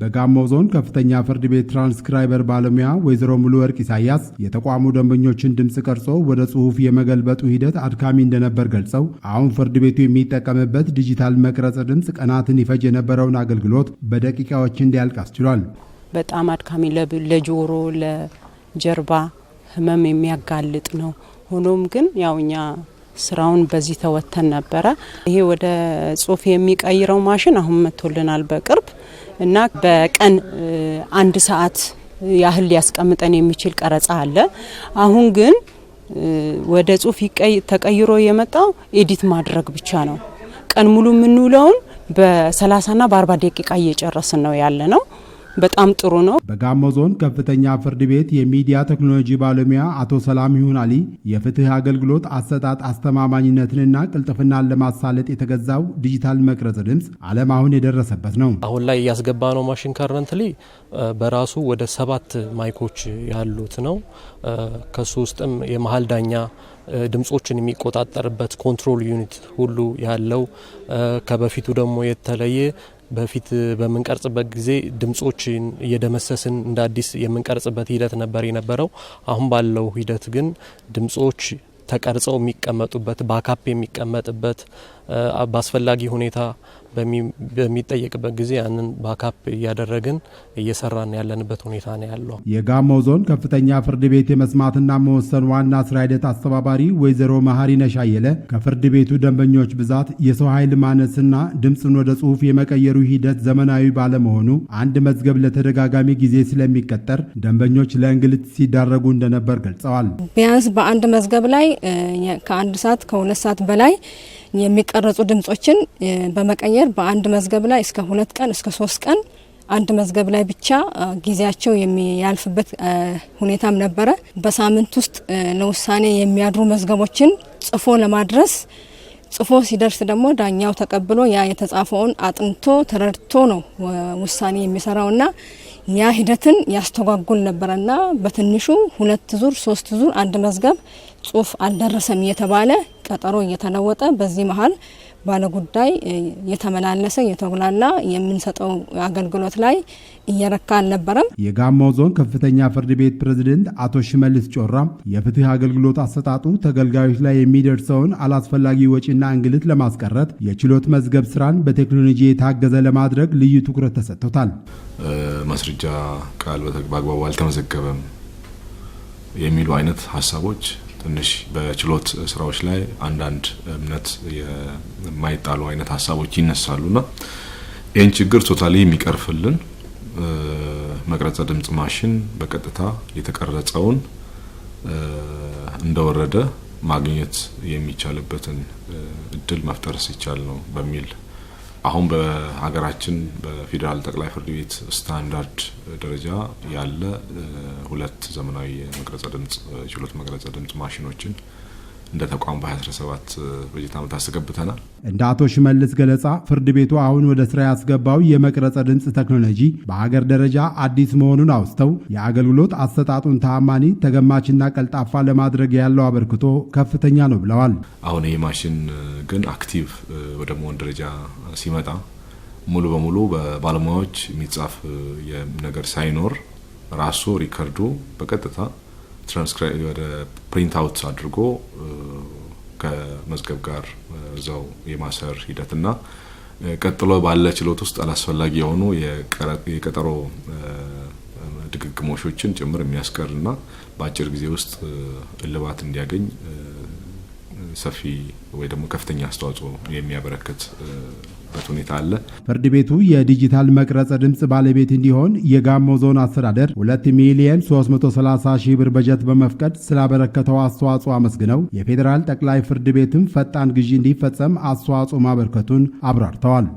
በጋሞ ዞን ከፍተኛ ፍርድ ቤት ትራንስክራይበር ባለሙያ ወይዘሮ ሙሉ ወርቅ ኢሳያስ የተቋሙ ደንበኞችን ድምፅ ቀርጾ ወደ ጽሑፍ የመገልበጡ ሂደት አድካሚ እንደነበር ገልጸው አሁን ፍርድ ቤቱ የሚጠቀምበት ዲጂታል መቅረጽ ድምፅ ቀናትን ይፈጅ የነበረውን አገልግሎት በደቂቃዎች እንዲያልቅ አስችሏል። በጣም አድካሚ ለጆሮ ለጀርባ ህመም የሚያጋልጥ ነው። ሆኖም ግን ያው እኛ ስራውን በዚህ ተወተን ነበረ። ይሄ ወደ ጽሁፍ የሚቀይረው ማሽን አሁን መጥቶልናል በቅርብ እና በቀን አንድ ሰዓት ያህል ሊያስቀምጠን የሚችል ቀረጻ አለ። አሁን ግን ወደ ጽሁፍ ተቀይሮ የመጣው ኤዲት ማድረግ ብቻ ነው። ቀን ሙሉ የምንውለውን በ30ና በ40 ደቂቃ እየጨረስን ነው ያለ ነው። በጣም ጥሩ ነው። በጋሞ ዞን ከፍተኛ ፍርድ ቤት የሚዲያ ቴክኖሎጂ ባለሙያ አቶ ሰላም ይሁን አሊ የፍትህ አገልግሎት አሰጣጥ አስተማማኝነትንና ቅልጥፍናን ለማሳለጥ የተገዛው ዲጂታል መቅረጽ ድምፅ ዓለም አሁን የደረሰበት ነው። አሁን ላይ እያስገባ ነው ማሽን ከረንትሊ በራሱ ወደ ሰባት ማይኮች ያሉት ነው። ከሱ ውስጥም የመሀል ዳኛ ድምጾችን የሚቆጣጠርበት ኮንትሮል ዩኒት ሁሉ ያለው ከበፊቱ ደግሞ የተለየ በፊት በምንቀርጽበት ጊዜ ድምጾችን እየደመሰስን እንደ አዲስ የምንቀርጽበት ሂደት ነበር የነበረው። አሁን ባለው ሂደት ግን ድምጾች ተቀርጸው የሚቀመጡበት፣ ባካፕ የሚቀመጥበት በአስፈላጊ ሁኔታ በሚጠየቅበት ጊዜ ያንን ባካፕ እያደረግን እየሰራን ያለንበት ሁኔታ ነው ያለው። የጋሞ ዞን ከፍተኛ ፍርድ ቤት የመስማትና መወሰን ዋና ስራ ሂደት አስተባባሪ ወይዘሮ መሀሪ ነሻየለ ከፍርድ ቤቱ ደንበኞች ብዛት፣ የሰው ኃይል ማነስና ድምፅን ወደ ጽሁፍ የመቀየሩ ሂደት ዘመናዊ ባለመሆኑ አንድ መዝገብ ለተደጋጋሚ ጊዜ ስለሚቀጠር ደንበኞች ለእንግልት ሲዳረጉ እንደነበር ገልጸዋል። ቢያንስ በአንድ መዝገብ ላይ ከአንድ ሰዓት ከሁለት ሰዓት በላይ የሚቀረጹ ድምጾችን በመቀየር በአንድ መዝገብ ላይ እስከ ሁለት ቀን እስከ ሶስት ቀን አንድ መዝገብ ላይ ብቻ ጊዜያቸው የሚያልፍበት ሁኔታም ነበረ። በሳምንት ውስጥ ለውሳኔ የሚያድሩ መዝገቦችን ጽፎ ለማድረስ ጽፎ ሲደርስ ደግሞ ዳኛው ተቀብሎ ያ የተጻፈውን አጥንቶ ተረድቶ ነው ውሳኔ የሚሰራው ና ያ ሂደትን ያስተጓጉል ና በትንሹ ሁለት ዙር ሶስት ዙር አንድ መዝገብ ጽሁፍ አልደረሰም እየተባለ ቀጠሮ እየተለወጠ በዚህ መሀል ባለጉዳይ የተመላለሰ የተጉላላ የምንሰጠው አገልግሎት ላይ እየረካ አልነበረም። የጋሞ ዞን ከፍተኛ ፍርድ ቤት ፕሬዝደንት አቶ ሽመልስ ጮራ የፍትህ አገልግሎት አሰጣጡ ተገልጋዮች ላይ የሚደርሰውን አላስፈላጊ ወጪና እንግልት ለማስቀረት የችሎት መዝገብ ስራን በቴክኖሎጂ የታገዘ ለማድረግ ልዩ ትኩረት ተሰጥቶታል። ማስረጃ ቃል በአግባቡ አልተመዘገበም የሚሉ አይነት ሀሳቦች ትንሽ በችሎት ስራዎች ላይ አንዳንድ እምነት የማይጣሉ አይነት ሀሳቦች ና ይህን ችግር ቶታሊ የሚቀርፍልን መቅረጸ ድምጽ ማሽን በቀጥታ የተቀረጸውን እንደወረደ ማግኘት የሚቻልበትን እድል መፍጠር ሲቻል ነው በሚል አሁን በሀገራችን በፌዴራል ጠቅላይ ፍርድ ቤት ስታንዳርድ ደረጃ ያለ ሁለት ዘመናዊ የመቅረጸ ድምጽ ችሎት መቅረጸ ድምጽ ማሽኖችን እንደ ተቋም በ2017 በጀት ዓመት አስገብተናል። እንደ አቶ ሽመልስ ገለጻ ፍርድ ቤቱ አሁን ወደ ስራ ያስገባው የመቅረጸ ድምፅ ቴክኖሎጂ በሀገር ደረጃ አዲስ መሆኑን አውስተው የአገልግሎት አሰጣጡን ተአማኒ፣ ተገማችና ቀልጣፋ ለማድረግ ያለው አበርክቶ ከፍተኛ ነው ብለዋል። አሁን ይህ ማሽን ግን አክቲቭ ወደ መሆን ደረጃ ሲመጣ ሙሉ በሙሉ በባለሙያዎች የሚጻፍ ነገር ሳይኖር ራሱ ሪከርዱ በቀጥታ ወደ ፕሪንት አውት አድርጎ ከመዝገብ ጋር እዛው የማሰር ሂደትና ቀጥሎ ባለ ችሎት ውስጥ አላስፈላጊ የሆኑ የቀጠሮ ድግግሞሾችን ጭምር የሚያስቀርና በአጭር ጊዜ ውስጥ እልባት እንዲያገኝ ሰፊ ወይ ደግሞ ከፍተኛ አስተዋጽኦ የሚያበረክት የሚደረግበት ሁኔታ አለ። ፍርድ ቤቱ የዲጂታል መቅረጸ ድምፅ ባለቤት እንዲሆን የጋሞ ዞን አስተዳደር 2 ሚሊየን 330 ሺህ ብር በጀት በመፍቀድ ስላበረከተው አስተዋጽኦ አመስግነው የፌዴራል ጠቅላይ ፍርድ ቤትም ፈጣን ግዢ እንዲፈጸም አስተዋጽኦ ማበርከቱን አብራርተዋል።